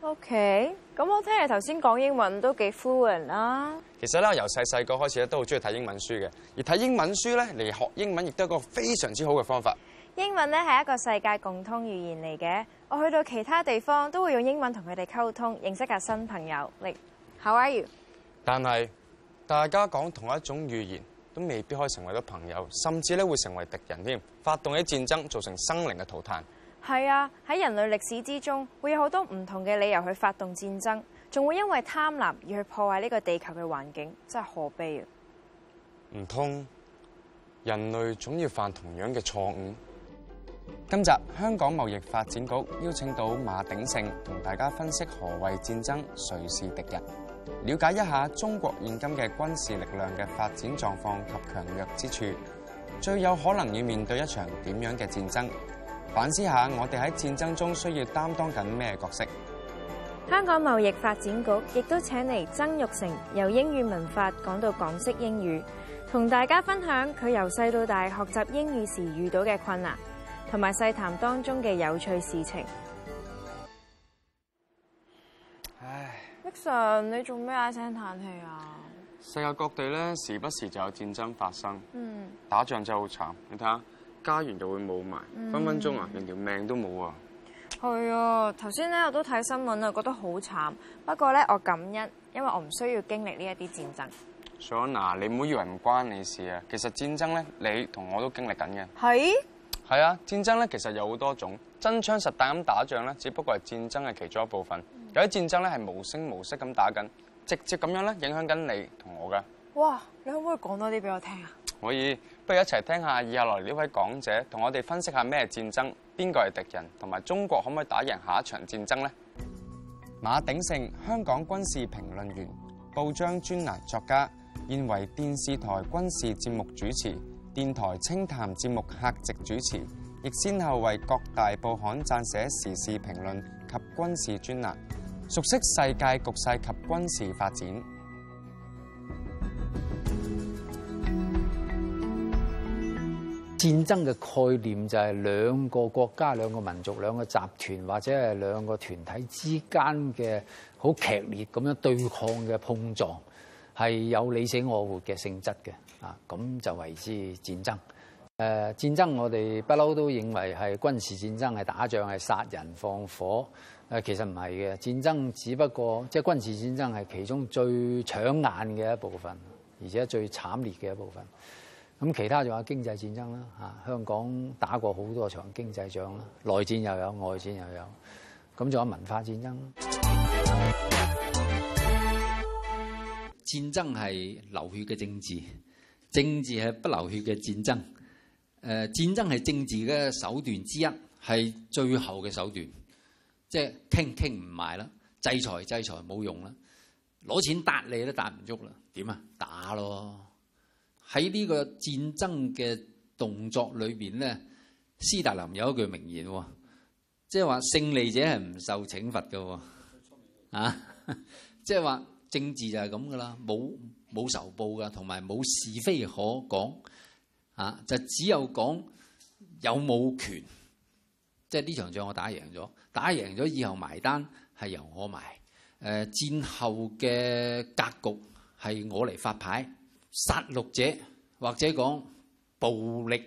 OK，咁我聽你頭先講英文都幾 fluent 啦。其實咧，由細細個開始咧，都好中意睇英文書嘅。而睇英文書咧，嚟學英文亦都係一個非常之好嘅方法。英文咧係一個世界共通語言嚟嘅，我去到其他地方都會用英文同佢哋溝通，認識下新朋友。你 How are you？但係大家講同一種語言，都未必可以成為咗朋友，甚至咧會成為敵人添，發動起戰爭，造成生靈嘅塗炭。係啊，喺人類歷史之中會有好多唔同嘅理由去發動戰爭，仲會因為貪婪而去破壞呢個地球嘅環境，真係何必啊？唔通人類總要犯同樣嘅錯誤？今集香港貿易發展局邀請到馬鼎盛同大家分析何謂戰爭、誰是敵人，了解一下中國現今嘅軍事力量嘅發展狀況及強弱之處，最有可能要面對一場點樣嘅戰爭？反思下，我哋喺戰爭中需要擔當緊咩角色？香港貿易發展局亦都請嚟曾鈺成，由英語文法講到港式英語，同大家分享佢由細到大學習英語時遇到嘅困難，同埋細談當中嘅有趣事情。唉，Nixon，你做咩唉聲嘆氣啊？世界各地咧，時不時就有戰爭發生。嗯，打仗真係好慘，你睇下。家園就會冇埋，嗯、分分鐘啊，連條命都冇啊！係啊，頭先咧我都睇新聞啊，覺得好慘。不過咧，我感恩，因為我唔需要經歷呢一啲戰爭。所以嗱，你唔好以為唔關你事啊！其實戰爭咧，你同我都經歷緊嘅。係？係啊，戰爭咧其實有好多種，真槍實彈咁打仗咧，只不過係戰爭嘅其中一部分。嗯、有啲戰爭咧係無聲無息咁打緊，直接咁樣咧影響緊你同我㗎。哇！你可唔可以講多啲俾我聽啊？可以。不如一齊聽下以下來呢位講者同我哋分析下咩戰爭，邊個係敵人，同埋中國可唔可以打贏下一場戰爭咧？馬鼎盛，香港軍事評論員、報章專欄作家，現為電視台軍事節目主持、電台清談節目客席主持，亦先後為各大報刊撰寫時事評論及軍事專欄，熟悉世界局勢及軍事發展。戰爭嘅概念就係兩個國家、兩個民族、兩個集團或者係兩個團體之間嘅好劇烈咁樣對抗嘅碰撞，係有你死我活嘅性質嘅啊，咁就為之戰爭。誒、呃，戰爭我哋不嬲都認為係軍事戰爭係打仗係殺人放火，誒、啊、其實唔係嘅，戰爭只不過即係軍事戰爭係其中最搶眼嘅一部分，而且最慘烈嘅一部分。咁其他仲有經濟戰爭啦，嚇香港打過好多場經濟仗啦，內戰又有，外戰又有，咁仲有文化戰爭。戰爭係流血嘅政治，政治係不流血嘅戰爭。誒，戰爭係政治嘅手段之一，係最後嘅手段。即係傾傾唔埋啦，制裁制裁冇用啦，攞錢打你都打唔喐啦，點啊？打咯！喺呢個戰爭嘅動作裏邊咧，斯大林有一句名言喎，即係話勝利者係唔受懲罰嘅，啊，即係話政治就係咁㗎啦，冇冇仇報㗎，同埋冇是非可講，啊，就只有講有冇權，即係呢場仗我打贏咗，打贏咗以後埋單係由我埋，誒、呃、戰後嘅格局係我嚟發牌。殺戮者或者講暴力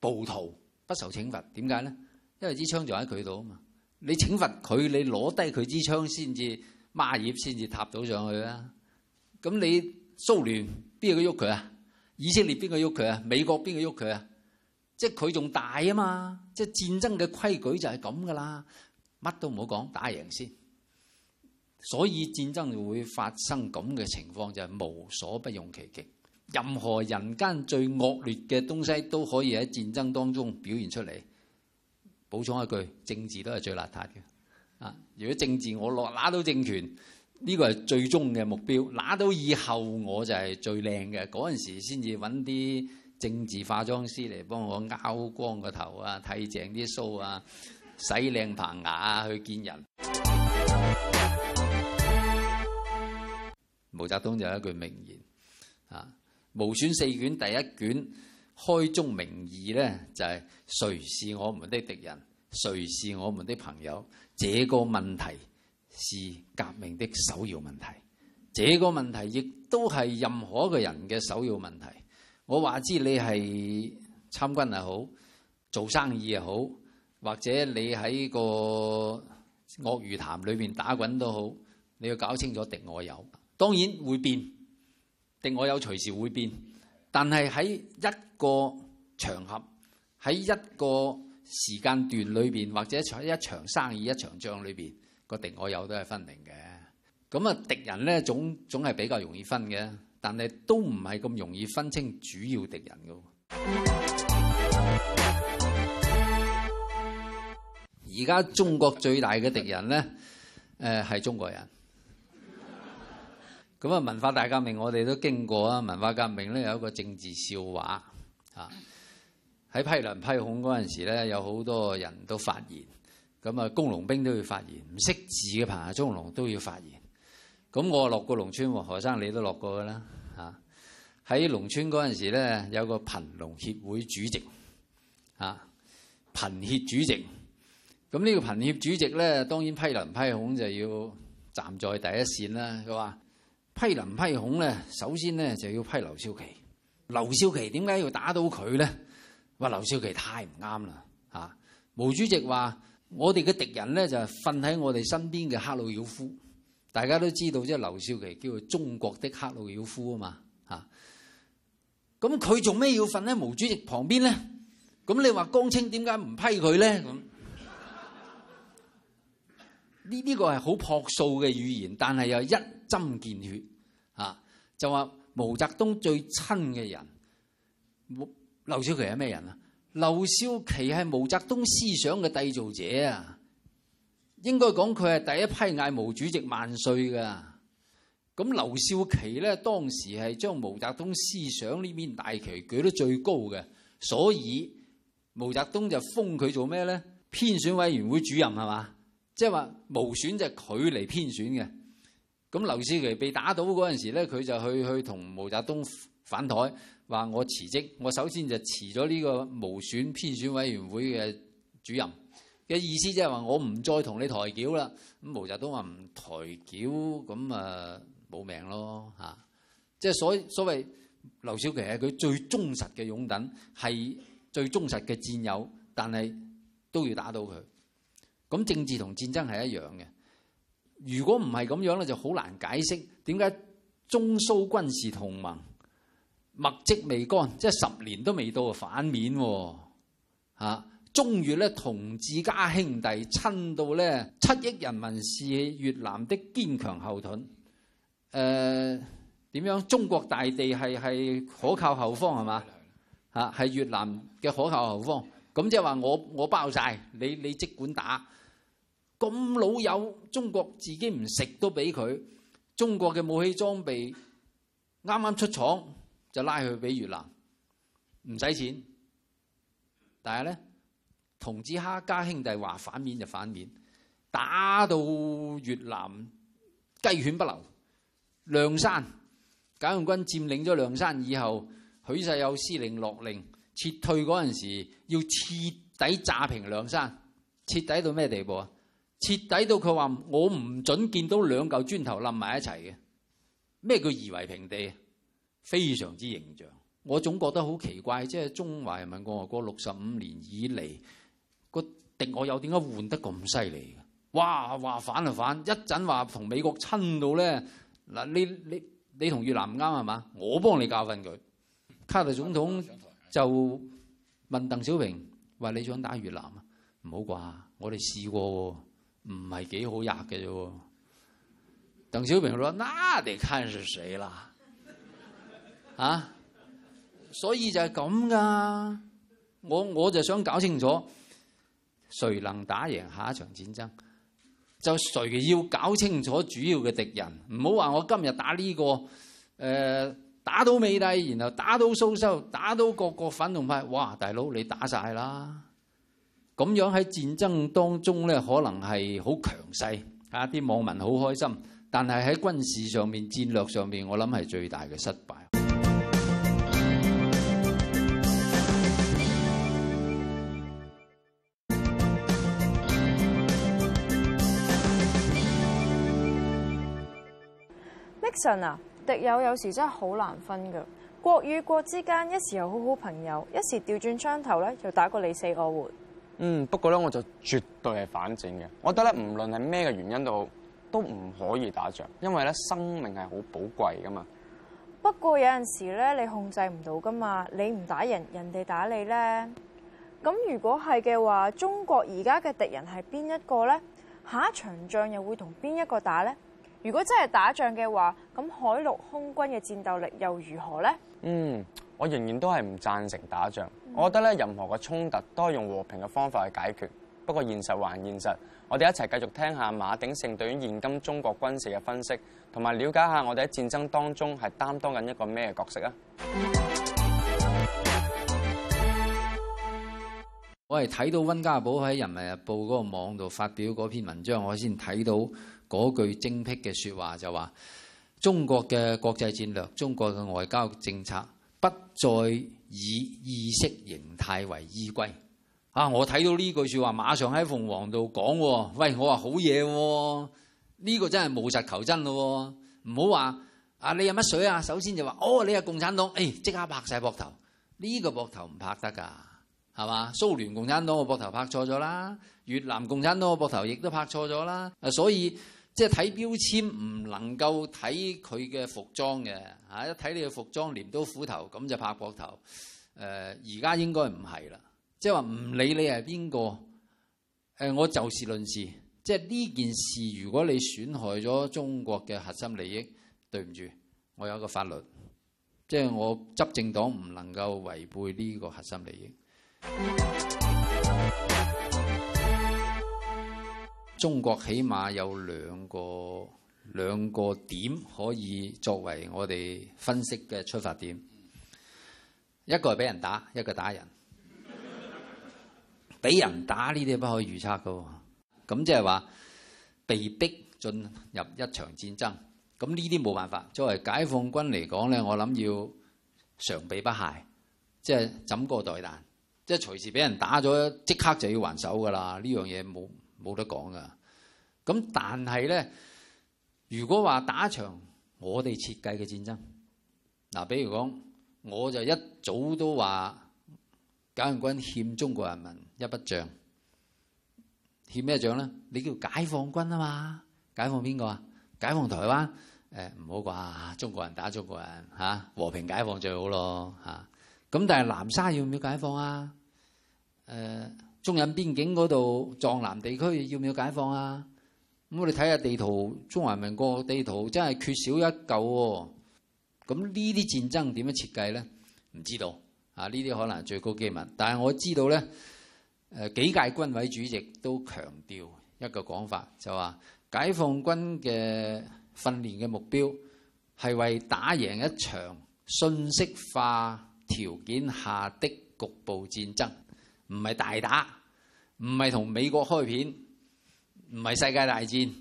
暴徒不受懲罰，點解咧？因為支槍仲喺佢度啊嘛！你懲罰佢，你攞低佢支槍先至抹葉，先至踏到上去啊！咁你蘇聯邊個喐佢啊？以色列邊個喐佢啊？美國邊個喐佢啊？即係佢仲大啊嘛！即係戰爭嘅規矩就係咁噶啦，乜都唔好講，打贏先。所以戰爭會發生咁嘅情況，就係無所不用其極。任何人間最惡劣嘅東西都可以喺戰爭當中表現出嚟。補充一句，政治都係最邋遢嘅。啊，如果政治我攞拿到政權，呢個係最終嘅目標。拿到以後我就係最靚嘅，嗰陣時先至揾啲政治化妝師嚟幫我拗光個頭啊，剃淨啲須啊，洗靚棚牙啊，去見人。 毛澤東有一句名言，啊。毛選四卷第一卷開宗明義咧，就係、是、誰是我們的敵人，誰是我們的朋友？這個問題是革命的首要問題，這個問題亦都係任何一個人嘅首要問題。我話知你係參軍也好，做生意也好，或者你喺個鱷魚潭裏面打滾都好，你要搞清楚敵我友。當然會變。敵我友隨時會變，但係喺一個場合喺一個時間段裏邊，或者喺一場生意一場仗裏邊，個敵我友都係分明嘅。咁啊，敵人呢，總總係比較容易分嘅，但係都唔係咁容易分清主要敵人嘅。而家中國最大嘅敵人呢，誒係中國人。咁啊，文化大革命我哋都經過啊！文化革命咧有一個政治笑話，啊喺批林批孔嗰陣時咧，有好多人都發言，咁啊工農兵都要發言，唔識字嘅貧下中農都要發言。咁我落過農村喎，何生你都落過噶啦，啊喺農村嗰陣時咧有個貧農協會主席，啊貧協主席，咁、這、呢個貧協主席咧當然批林批孔就要站在第一線啦，佢話。批林批孔咧，首先咧就要批劉少奇。劉少奇點解要打倒佢咧？話劉少奇太唔啱啦嚇！毛主席話，我哋嘅敵人咧就係瞓喺我哋身邊嘅赫魯曉夫。大家都知道即係劉少奇叫做中國的赫魯曉夫啊嘛嚇。咁佢做咩要瞓喺毛主席旁邊咧？咁你話江青點解唔批佢咧？咁呢呢個係好樸素嘅語言，但係又一。針見血啊！就話毛澤東最親嘅人，劉少奇係咩人啊？劉少奇係毛澤東思想嘅締造者啊，應該講佢係第一批嗌毛主席萬歲噶。咁劉少奇咧，當時係將毛澤東思想呢面大旗舉得最高嘅，所以毛澤東就封佢做咩咧？編選委員會主任係嘛？即係話毛選就係佢嚟編選嘅。咁劉少奇被打倒嗰陣時咧，佢就去去同毛澤東反台，話我辭職，我首先就辭咗呢個無選編選委員會嘅主任嘅意思，即係話我唔再同你抬轎啦。咁毛澤東話唔抬轎，咁啊冇命咯嚇。即係所所謂劉少奇係佢最忠實嘅擁躉，係最忠實嘅戰友，但係都要打倒佢。咁政治同戰爭係一樣嘅。如果唔係咁樣咧，就好難解釋點解中蘇軍事同盟墨跡未乾，即係十年都未到，啊反面喎、啊啊、中越咧，同志加兄弟，親到咧，七億人民是越南的堅強後盾。誒、呃、點樣中國大地係係可靠後方係嘛嚇，係越南嘅可靠後方，咁即係話我我包晒你，你即管打。咁老友，中國自己唔食都俾佢。中國嘅武器裝備啱啱出廠，就拉去俾越南，唔使錢。但係咧，同志蝦家兄弟話反面就反面，打到越南雞犬不留。諒山解放軍佔領咗諒山以後，許世友司令落令撤退嗰陣時，要徹底炸平諒山，徹底到咩地步啊？徹底到佢話：我唔准見到兩嚿磚頭冧埋一齊嘅。咩叫夷為平地？非常之形象。我總覺得好奇怪，即係中華人民共和國六十五年以嚟個敵我又點解換得咁犀利？哇！話反就、啊、反，一陣話同美國親到咧。嗱，你你你同越南唔啱係嘛？我幫你教訓佢。卡特總統就問鄧小平：話你想打越南啊？唔好啩，我哋試過。唔係幾好入嘅啫。鄧小平話：那得看係誰啦。啊，所以就係咁噶。我我就想搞清楚，誰能打贏下一場戰爭，就誰要搞清楚主要嘅敵人。唔好話我今日打呢、這個，誒、呃、打到美帝，然後打到蘇修，打到各個反動派。哇，大佬你打晒啦！咁樣喺戰爭當中咧，可能係好強勢嚇啲網民好開心，但係喺軍事上面、戰略上面，我諗係最大嘅失敗。Nixon 啊，敵友有時真係好難分噶。國與國之間，一時又好好朋友，一時掉轉槍頭咧，又打過你死我活。嗯，不過咧，我就絕對係反戰嘅。我覺得咧，無論係咩嘅原因都好，都唔可以打仗，因為咧，生命係好寶貴噶嘛。不過有陣時咧，你控制唔到噶嘛，你唔打人，人哋打你咧。咁如果係嘅話，中國而家嘅敵人係邊一個咧？下一場仗又會同邊一個打咧？如果真係打仗嘅話，咁海陸空軍嘅戰鬥力又如何咧？嗯，我仍然都係唔贊成打仗。我覺得咧，任何嘅衝突都係用和平嘅方法去解決。不過現實還現實，我哋一齊繼續聽下馬鼎盛對於現今中國軍事嘅分析，同埋了解下我哋喺戰爭當中係擔當緊一個咩角色啊！我係睇到溫家寶喺《人民日報》嗰、那個網度發表嗰篇文章，我先睇到嗰句精闢嘅説話就說，就話中國嘅國際戰略、中國嘅外交政策不再。以意識形態為依歸啊！我睇到呢句説話，馬上喺鳳凰度講，喂，我話好嘢喎！呢個真係務實求真咯，唔好話啊！你係乜水啊？首先就話，哦，你係共產黨，誒，即刻拍晒膊頭，呢個膊頭唔拍得㗎，係嘛？蘇聯共產黨個膊頭拍錯咗啦，越南共產黨個膊頭亦都拍錯咗啦，所以。即係睇標籤唔能夠睇佢嘅服裝嘅嚇，一睇你嘅服裝鐮刀斧頭咁就拍膊頭。誒、呃，而家應該唔係啦。即係話唔理你係邊個，誒，我就事論事。即係呢件事，如果你損害咗中國嘅核心利益，對唔住，我有一個法律，即係我執政黨唔能夠違背呢個核心利益。嗯中國起碼有兩個兩個點可以作為我哋分析嘅出發點，一個係俾人打，一個打人。俾 人打呢啲不可預測噶喎，咁即係話被逼進入一場戰爭，咁呢啲冇辦法。作為解放軍嚟講呢，我諗要常備不懈，即係枕戈待旦，即係隨時俾人打咗，即刻就要還手噶啦。呢樣嘢冇。冇得講噶，咁但係咧，如果話打場我哋設計嘅戰爭，嗱，比如講，我就一早都話，解放軍欠中國人民一筆帳，欠咩帳咧？你叫解放軍啊嘛，解放邊個啊？解放台灣？誒、哎、唔好啩，中國人打中國人嚇，和平解放最好咯嚇。咁但係南沙要唔要解放啊？誒、呃？.中印邊境嗰度，藏南地區要唔要解放啊？咁我哋睇下地圖，中華民國地圖真係缺少一嚿喎、哦。咁呢啲戰爭點樣設計咧？唔知道啊！呢啲可能係最高機密。但係我知道咧，誒，幾屆軍委主席都強調一個講法，就話、是、解放軍嘅訓練嘅目標，係為打贏一場信息化條件下的局部戰爭。唔係大打，唔係同美國開片，唔係世界大戰，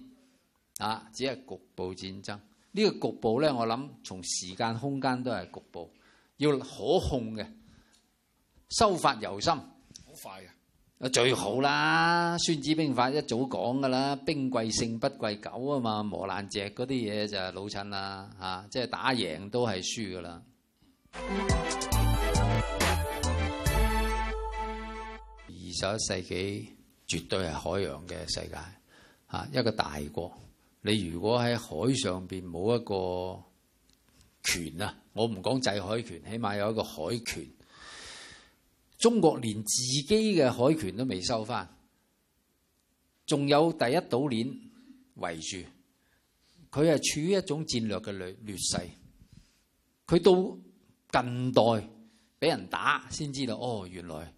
啊，只係局部戰爭。呢個局部咧，我諗從時間空間都係局部，要可控嘅，收發由心。好快嘅，啊，最好啦，《孫子兵法》一早講噶啦，兵貴勝不貴久啊嘛，磨爛蓆嗰啲嘢就係老襯啦，啊，即係打贏都係輸噶啦。 二十一世紀絕對係海洋嘅世界，吓一個大國，你如果喺海上邊冇一個權啊，我唔講制海權，起碼有一個海權。中國連自己嘅海權都未收返，仲有第一島鏈圍住，佢係處於一種戰略嘅劣劣勢。佢到近代俾人打先知道，哦原來。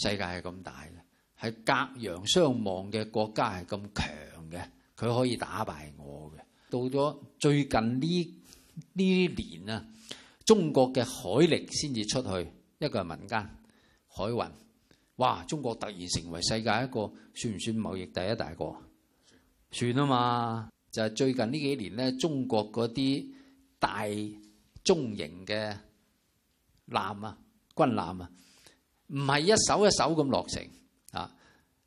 世界係咁大嘅，係隔洋相望嘅國家係咁強嘅，佢可以打敗我嘅。到咗最近呢呢年啊，中國嘅海力先至出去，一個係民間海運，哇！中國突然成為世界一個算唔算貿易第一大國？算啊了嘛，就係、是、最近呢幾年咧，中國嗰啲大中型嘅艦啊，軍艦啊。唔係一艘一艘咁落成啊！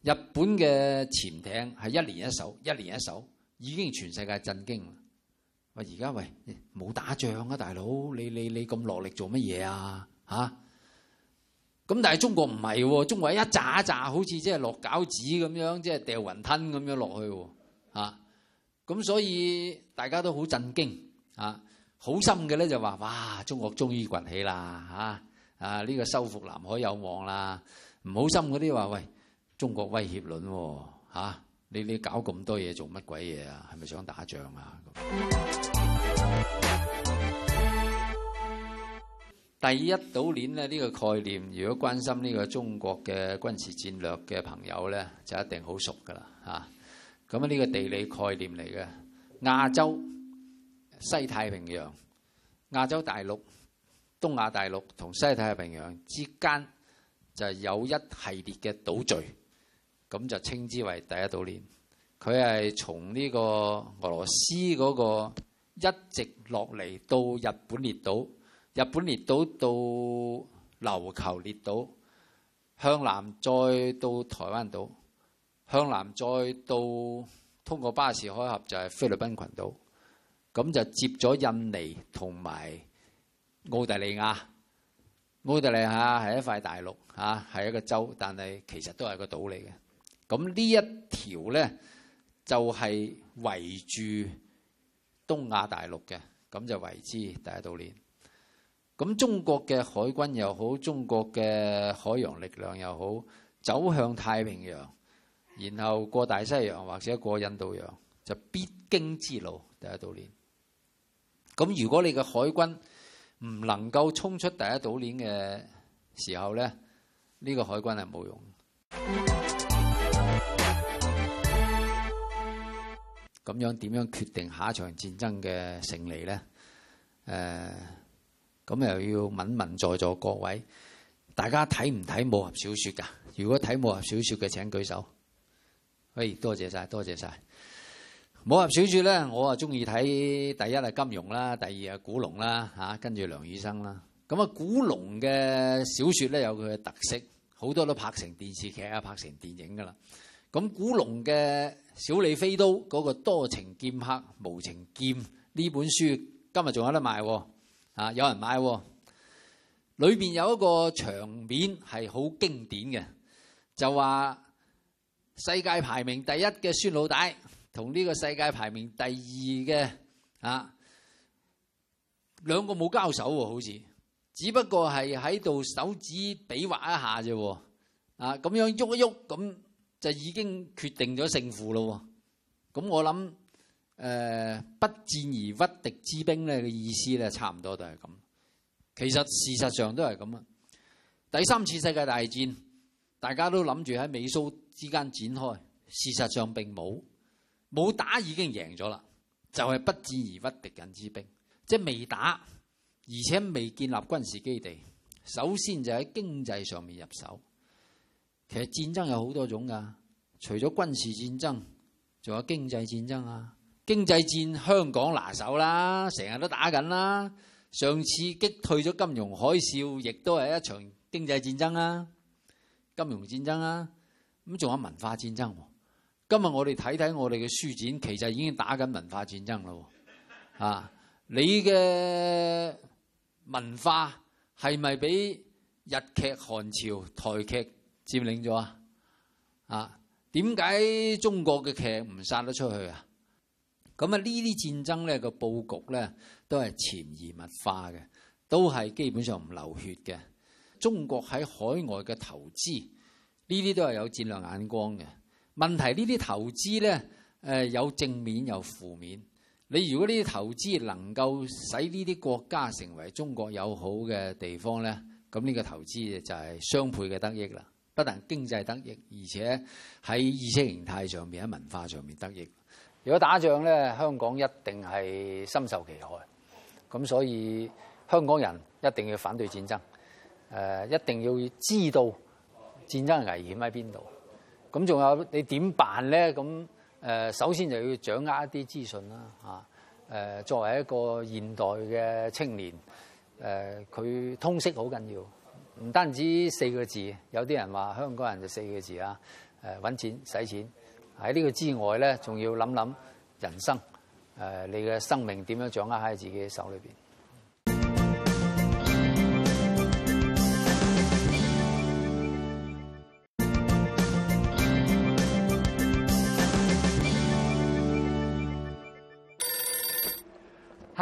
日本嘅潛艇係一年一艘，一年一艘，已經全世界震驚啦喂，而家喂冇打仗啊，大佬，你你你咁落力做乜嘢啊？嚇、啊！咁但係中國唔係、啊，中國一扎一扎，好似即係落餃子咁樣，即係掉雲吞咁樣落去喎、啊。嚇、啊！咁所以大家都好震驚啊！好心嘅咧就話：哇！中國終於崛起啦！嚇、啊！啊！呢個收復南海有望啦，唔好心嗰啲話喂，中國威脅論喎嚇，你你搞咁多嘢做乜鬼嘢啊？係咪想打仗啊？第一島鏈咧呢個概念，如果關心呢個中國嘅軍事戰略嘅朋友咧，就一定好熟噶啦嚇。咁、啊、呢個地理概念嚟嘅，亞洲西太平洋亞洲大陸。東亞大陸同西太平洋之間就係有一系列嘅島嶼，咁就稱之為第一島鏈。佢係從呢個俄羅斯嗰個一直落嚟到日本列島，日本列島到琉球列島，向南再到台灣島，向南再到通過巴士海峽就係菲律賓群島，咁就接咗印尼同埋，澳大利亞，澳大利亞係一塊大陸嚇，係一個州，但係其實都係個島嚟嘅。咁呢一條呢，就係、是、圍住東亞大陸嘅，咁就為之，第一道鏈。咁中國嘅海軍又好，中國嘅海洋力量又好，走向太平洋，然後過大西洋或者過印度洋，就必經之路。第一道鏈。咁如果你嘅海軍唔能夠衝出第一島鏈嘅時候咧，呢、這個海軍係冇用。咁樣點樣決定下一場戰爭嘅勝利咧？誒、呃，咁又要問問在座各位，大家睇唔睇武俠小説噶？如果睇武俠小説嘅請舉手。喂，多謝晒！多謝晒！武俠小説咧，我啊中意睇第一係金庸啦，第二係古龍啦嚇、啊，跟住梁羽生啦。咁啊，古龍嘅小説咧，有佢嘅特色，好多都拍成電視劇啊，拍成電影噶啦。咁古龍嘅《小李飛刀》嗰、那個多情劍客無情劍呢本書今日仲有得賣啊！啊有人買、啊，裏邊有一個場面係好經典嘅，就話世界排名第一嘅孫老大。同呢個世界排名第二嘅啊，兩個冇交手喎、啊，好似，只不過係喺度手指比劃一下啫、啊，啊咁樣喐一喐咁就已經決定咗勝負咯、啊。咁我諗誒、呃、不戰而屈敵之兵咧嘅意思咧，差唔多都係咁。其實事實上都係咁啊。第三次世界大戰大家都諗住喺美蘇之間展開，事實上並冇。冇打已經贏咗啦，就係不戰而屈敵人之兵，即係未打而且未建立軍事基地，首先就喺經濟上面入手。其實戰爭有好多種噶，除咗軍事戰爭，仲有經濟戰爭啊。經濟戰香港拿手啦，成日都打緊啦。上次擊退咗金融海嘯，亦都係一場經濟戰爭啊，金融戰爭啊。咁仲有文化戰爭。今日我哋睇睇我哋嘅書展，其實已經打緊文化戰爭咯。啊，你嘅文化係咪俾日劇、韓潮、台劇佔領咗啊？啊，點解中國嘅劇唔殺得出去啊？咁啊，呢啲戰爭咧個佈局咧都係潛移默化嘅，都係基本上唔流血嘅。中國喺海外嘅投資，呢啲都係有戰略眼光嘅。問題，呢啲投資呢，誒有正面又負面。你如果呢啲投資能夠使呢啲國家成為中國友好嘅地方呢，咁呢個投資就係雙倍嘅得益啦。不但經濟得益，而且喺意識形態上面、喺文化上面得益。如果打仗呢，香港一定係深受其害。咁所以香港人一定要反對戰爭，誒一定要知道戰爭危險喺邊度。咁仲有你點辦咧？咁誒、呃、首先就要掌握一啲資訊啦，吓、啊、誒作為一個現代嘅青年，誒、啊、佢通識好緊要，唔單止四個字，有啲人話香港人就四個字啊，誒揾錢使錢。喺呢個之外咧，仲要諗諗人生，誒、啊、你嘅生命點樣掌握喺自己手裏邊。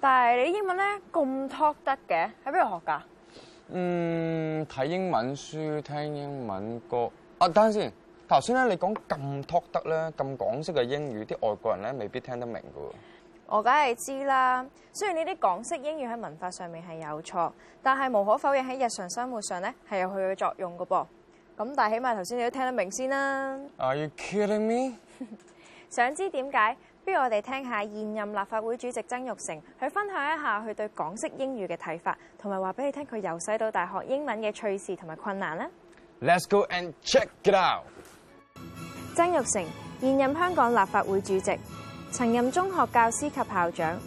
但係你英文咧咁 talk 得嘅，喺邊度學噶？嗯，睇英文書，聽英文歌。啊，等陣先，頭先咧你講咁 talk 得咧，咁港式嘅英語，啲外國人咧未必聽得明噶。我梗係知啦，雖然呢啲港式英語喺文化上面係有錯，但係無可否認喺日常生活上咧係有佢嘅作用噶噃。咁但係起碼頭先你都聽得明先啦。Are you kidding me？ 想知點解？不如我哋聽下現任立法會主席曾鈺成去分享一下佢對港式英語嘅睇法，同埋話俾你聽佢由細到大學英文嘅趣事同埋困難咧。Let's go and check it out 曾。曾鈺成現任香港立法會主席，曾任中學教師及校長。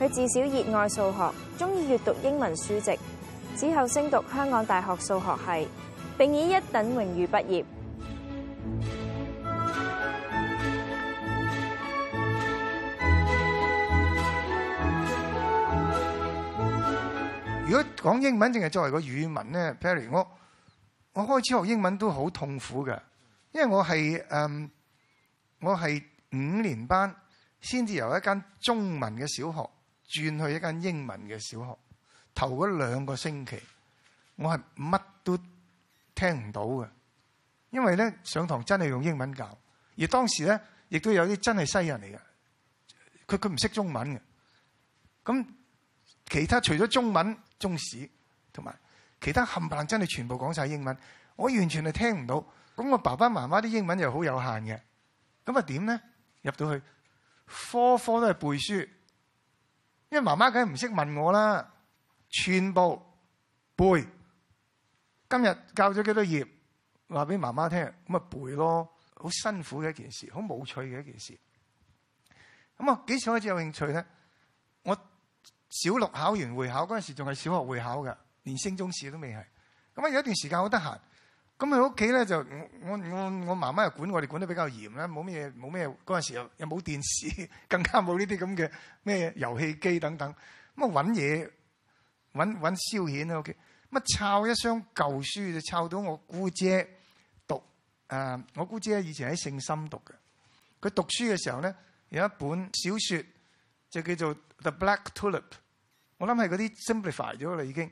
佢自小熱愛數學，中意閱讀英文書籍，之後升讀香港大學數學系，並以一等榮譽畢業。如果講英文，淨係作為個語文咧，Perry，我我開始學英文都好痛苦嘅，因為我係誒、呃、我係五年班，先至由一間中文嘅小學轉去一間英文嘅小學，頭嗰兩個星期我係乜都聽唔到嘅，因為咧上堂真係用英文教，而當時咧亦都有啲真係西人嚟嘅，佢佢唔識中文嘅，咁。其他除咗中文、中史同埋其他冚唪唥真係全部講晒英文，我完全係聽唔到。咁我爸爸媽媽啲英文又好有限嘅，咁啊點咧？入到去科科都係背書，因為媽媽梗係唔識問我啦，全部背。今日教咗幾多頁，話俾媽媽聽，咁啊背咯，好辛苦嘅一件事，好冇趣嘅一件事。咁啊幾時開始有興趣咧？小六考完會考嗰陣時，仲係小學會考嘅，連升中試都未係。咁啊有一段時間好得閒，咁喺屋企咧就我我我媽媽又管我哋管得比較嚴啦，冇咩冇咩嗰陣時又又冇電視，更加冇呢啲咁嘅咩遊戲機等等。咁啊揾嘢揾揾消遣喺屋企，咁啊抄一箱舊書就抄到我姑姐讀。誒、啊，我姑姐以前喺聖心讀嘅，佢讀書嘅時候咧有一本小説。就叫做 The Black Tulip，我諗係嗰啲 s i m p l i f y e d 咗啦已經。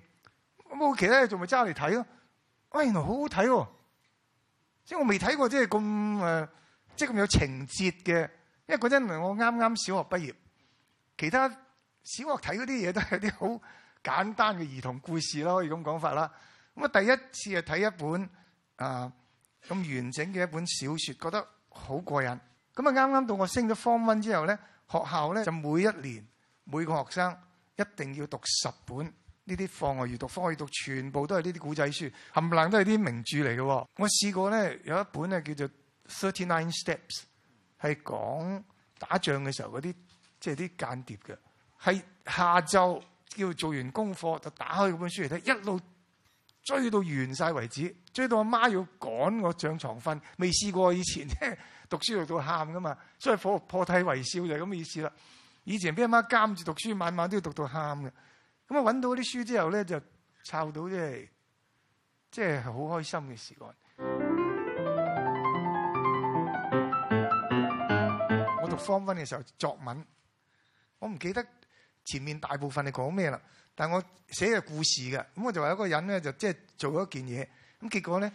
咁冇其他嘢仲咪揸嚟睇咯，哇，原來好好睇喎！即係我未睇過，即係咁誒，即係咁有情節嘅。因為嗰陣我啱啱小學畢業，其他小學睇嗰啲嘢都係啲好簡單嘅兒童故事啦，可以咁講法啦。咁、嗯、啊，第一次啊睇一本啊咁、呃、完整嘅一本小説，覺得好過癮。咁、嗯、啊，啱啱到我升咗方 o 之後咧。學校咧就每一年每個學生一定要讀十本呢啲課外閲讀，課外閲讀全部都係呢啲古仔書，冚唪唥都係啲名著嚟嘅。我試過咧有一本咧叫做《Thirty Nine Steps》，係講打仗嘅時候嗰啲即係啲間諜嘅，係、就是、下晝叫做做完功課就打開嗰本書嚟睇，一路。追到完晒為止，追到阿媽要趕我上床瞓，未試過。以前咧讀書讀到喊噶嘛，所以破破涕為笑就係咁嘅意思啦。以前俾阿媽監住讀書，晚晚都要讀到喊嘅。咁啊揾到啲書之後咧，就抄到即係，即係好開心嘅事咯。我讀方文嘅時候，作文我唔記得。前面大部分你講咩啦？但係我寫嘅故事嘅，咁我就話有個人咧，就即係做咗一件嘢，咁結果咧，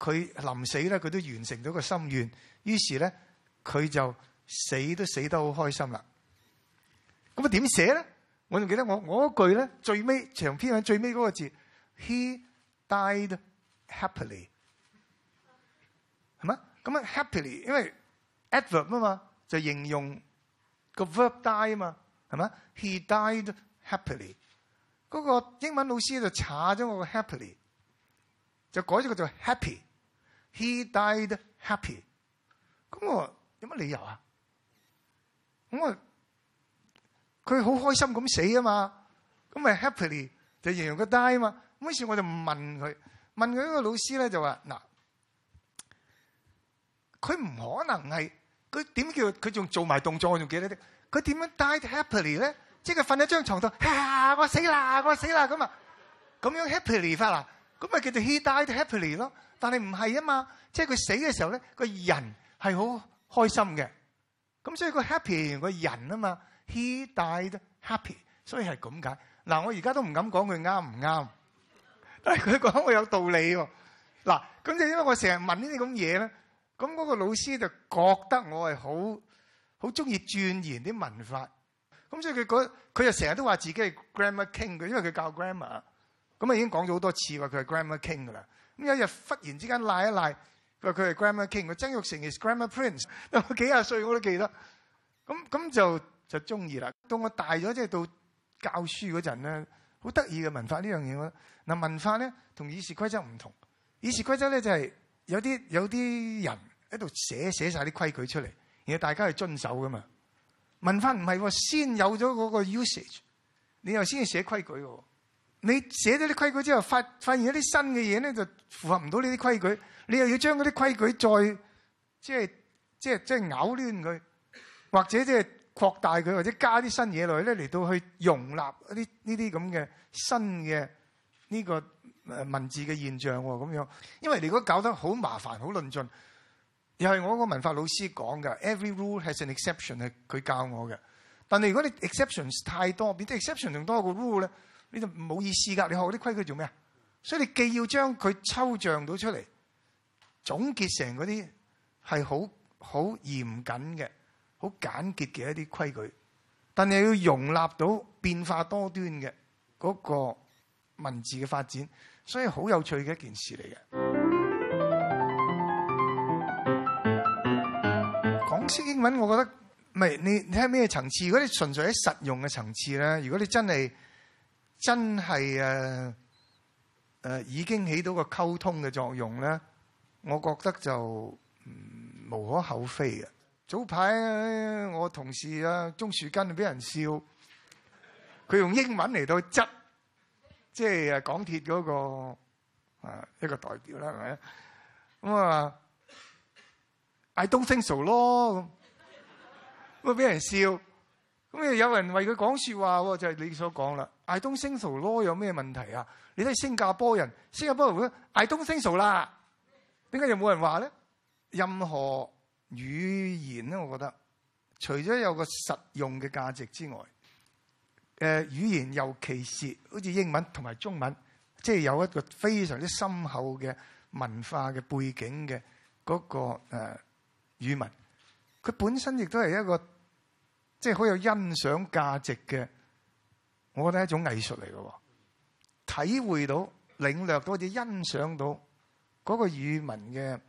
佢臨死咧，佢都完成咗個心願。於是咧，佢就死都死得好開心啦。咁啊點寫咧？我仲記得我嗰句咧，最尾長篇喺最尾嗰個字，he died happily 係嗎？咁啊，happily，因為 adverb 啊嘛，就形容個 verb die 啊嘛。係咪 He died happily？嗰個英文老師就查咗我個 happily，就改咗佢做 happy。He died happy。咁我有乜理由啊？咁我佢好開心咁死啊嘛！咁咪 happily 就形容佢 die 啊嘛！咁於是我就問佢，問佢嗰個老師咧就話：嗱，佢唔可能係佢點叫佢仲做埋動作，我仲記得啲？佢點樣 died happily 咧？即係佢瞓喺張床度、啊，我死啦，我死啦咁啊，咁樣 happily 法啦，咁咪叫做 he died happily 咯？但係唔係啊嘛？即係佢死嘅時候咧，個人係好開心嘅。咁所以個 happy 個人啊嘛，he died happy，所以係咁解。嗱，我而家都唔敢講佢啱唔啱，但係佢講我有道理喎。嗱，咁就因為我成日問呢啲咁嘢咧，咁、那、嗰個老師就覺得我係好，好中意鑽研啲文法，咁所以佢講，佢又成日都話自己係 grammar king 嘅，因為佢教 grammar，咁啊已經講咗好多次話佢係 grammar king 噶啦。咁有一日忽然之間賴一賴，佢話佢係 grammar king，佢曾玉成係 grammar prince，幾廿歲我都記得。咁咁就就中意啦。到我大咗即係到教書嗰陣咧，好得意嘅文法呢樣嘢咯。嗱，文法咧同議事規則唔同，議事規則咧就係、是、有啲有啲人喺度寫寫晒啲規矩出嚟。而大家係遵守噶嘛？文法唔係喎，先有咗嗰個 usage，你又先要寫規矩喎。你寫咗啲規矩之後，發發現一啲新嘅嘢咧，就符合唔到呢啲規矩，你又要將嗰啲規矩再即係即係即係拗攣佢，或者即係擴大佢，或者加啲新嘢落去咧，嚟到去容納一啲呢啲咁嘅新嘅呢、這個誒文字嘅現象咁樣。因為你如果搞得好麻煩，好論盡。又係我個文化老師講噶，Every rule has an exception 係佢教我嘅。但係如果你 exceptions 太多，變得 exception 仲多過 rule 咧，你就唔好意思㗎。你學啲規矩做咩啊？所以你既要將佢抽象到出嚟，總結成嗰啲係好好嚴謹嘅、好簡潔嘅一啲規矩，但係要容納到變化多端嘅嗰個文字嘅發展，所以好有趣嘅一件事嚟嘅。識英文，我覺得唔係，你你喺咩層次？如果你純粹喺實用嘅層次咧，如果你真係真係誒誒，已經起到個溝通嘅作用咧，我覺得就、嗯、無可厚非嘅。早排我同事啊，鍾樹根俾人笑，佢用英文嚟到執，即係誒港鐵嗰個啊一個代表啦，係咪咁啊？i don't think so 咯，咁，會俾人笑，咁有人為佢講說話就係、是、你所講啦 i don't think so 咯，有咩問題啊？你都係新加坡人，新加坡人會 i don't think so 啦，點解又冇人話呢？」任何語言，我覺得除咗有個實用嘅價值之外，誒、呃、語言尤其是好似英文同埋中文，即係、就是、有一個非常之深厚嘅文化嘅背景嘅、那個誒、呃語文，佢本身亦都係一個即係好有欣賞價值嘅，我覺得係一種藝術嚟嘅。體會到、領略到或者欣賞到嗰個語文嘅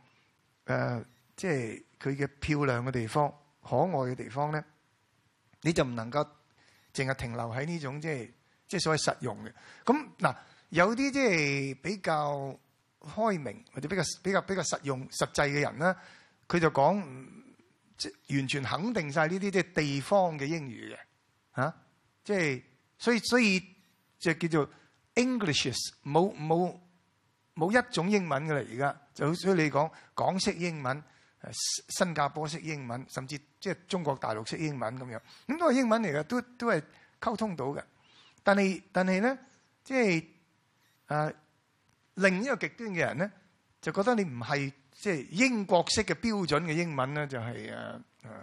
誒，即係佢嘅漂亮嘅地方、可愛嘅地方咧，你就唔能夠淨係停留喺呢種即係即係所謂實用嘅。咁嗱，有啲即係比較開明或者比較比較比較實用、實際嘅人咧。佢就講，即係完全肯定曬呢啲即係地方嘅英語嘅，嚇！即係所以所以就叫做 Englishes，冇冇冇一種英文嘅啦。而家就好似，所以你講港式英文、新加坡式英文，甚至即係中國大陸式英文咁樣。咁都係英文嚟嘅，都都係溝通到嘅。但係但係咧，即係誒另一個極端嘅人咧，就覺得你唔係。即係英國式嘅標準嘅英文咧，就係啊啊，就係誒誒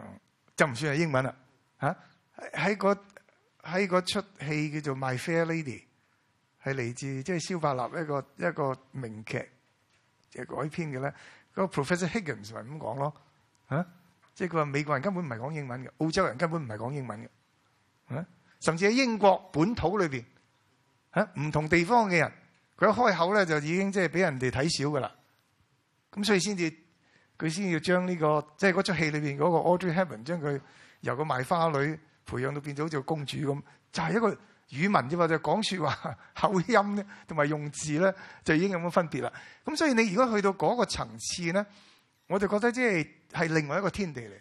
嗯就唔算係英文啦吓，喺個喺出戲叫做《My Fair Lady》，係嚟自即係蕭伯納一個一個名劇，誒改編嘅咧。個 Professor Higgins 咪咁講咯吓，即係佢話美國人根本唔係講英文嘅，澳洲人根本唔係講英文嘅吓，啊、甚至喺英國本土裏邊吓，啊、唔同地方嘅人。佢一開口咧，就已經即係俾人哋睇少噶啦。咁所以先至，佢先要將呢個即係嗰出戲裏邊嗰個 Audrey Hepburn，將佢由個賣花女培養到變咗好似公主咁，就係一個語文之嘛，或者講説話口音咧，同埋用字咧，就已經有冇分別啦。咁所以你如果去到嗰個層次咧，我就覺得即係係另外一個天地嚟。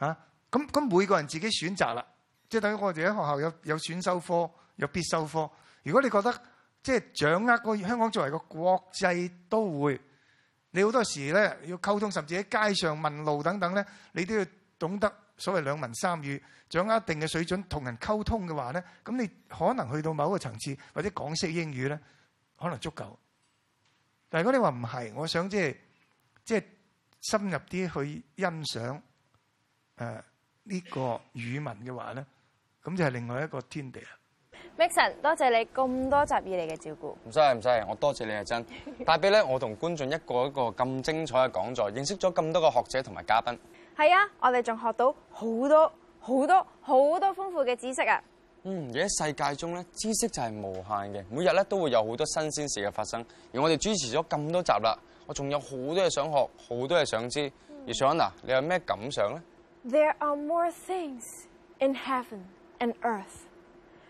嚇，咁咁每個人自己選擇啦。即係等於我哋喺學校有有選修科，有必修科。如果你覺得，即係掌握個香港作為一個國際都會，你好多時咧要溝通，甚至喺街上問路等等咧，你都要懂得所謂兩文三語掌握一定嘅水準同人溝通嘅話咧，咁你可能去到某個層次或者港式英語咧，可能足夠，但係如果你話唔係我想即係即係深入啲去欣賞誒呢、呃這個語文嘅話咧，咁就係另外一個天地啦。Mixon，多謝你咁多集以嚟嘅照顧。唔使唔使，我多謝你阿珍，帶俾咧我同觀眾一個一個咁精彩嘅講座，認識咗咁多個學者同埋嘉賓。係啊，我哋仲學到好多好多好多豐富嘅知識啊。嗯，而喺世界中咧，知識就係無限嘅。每日咧都會有好多新鮮事嘅發生。而我哋支持咗咁多集啦，我仲有好多嘢想學，好多嘢想知。葉尚啊，Sonna, 你有咩感想咧？There are more